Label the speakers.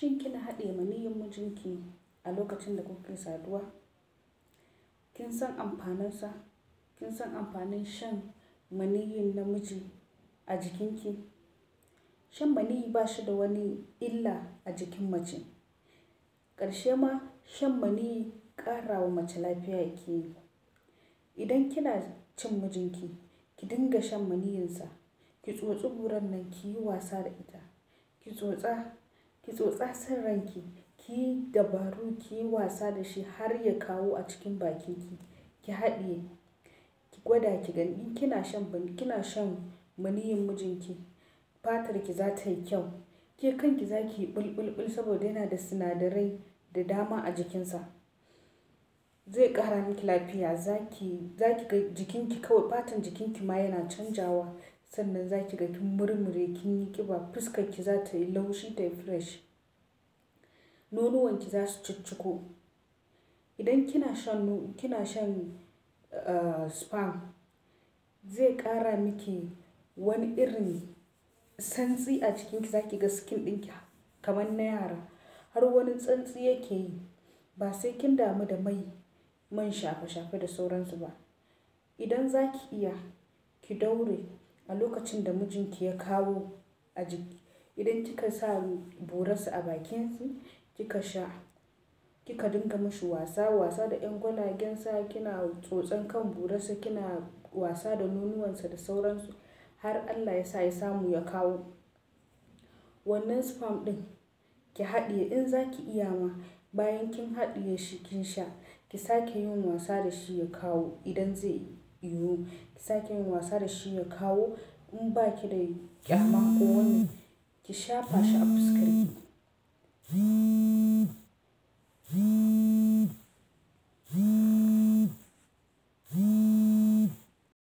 Speaker 1: shin kina haɗe maniyin mijinki a lokacin da kuke saduwa kin san amfaninsa kin san amfanin shan maniyin namiji a jikinki shan maniyi ba shi da wani illa a jikin mace ƙarshe ma shan maniyi ƙara mace lafiya yake yi idan kina cin mijinki ki dinga shan maniyinsa ki tsotsi buran nan ki yi wasa da ita ki tsotsa ki tsotsa san ranki ki dabaru ki wasa da shi har ya kawo a cikin bakinki ki ki haɗiye ki gwada ki gani kina shan kina shan maniyin mijinki fatar ki za ta yi kyau ke kanki za ki bulbulbul saboda yana da sinadarai da dama a jikinsa zai ƙara miki lafiya za ki ga jikinki kawai fatan jikinki ma yana canjawa sannan za ki ga kin murmure kin yi kiba fuskar ki za ta yi laushi ta yi fresh nonuwanki za su cicciko idan kina shan kina shan eh, spam zai ƙara miki wani irin santsi a cikinki za ki ga skin ɗinki kamar na yara har wani tsantsi yake yi ba sai kin damu da mai man shafe-shafe da sauransu ba idan za ki iya ki daure a lokacin da mijinki ya kawo a jiki idan kika sa borarsa a bakinki kika sha kika dinga mashi wasa wasa da yan gwalagen gwalagensa kina tsotsan kan burasa kina wasa da nonuwansa da sauransu har Allah ya sa ya samu ya kawo wannan sperm ɗin ki haɗiye in za ki iya ma bayan kin haɗiye shi kin sha ki sake yin wasa da shi ya kawo idan zai yi iyo ki sake yin wasa da shi ya kawo in ba ki da ƙyama ko ki shafa shi a fuskar ki.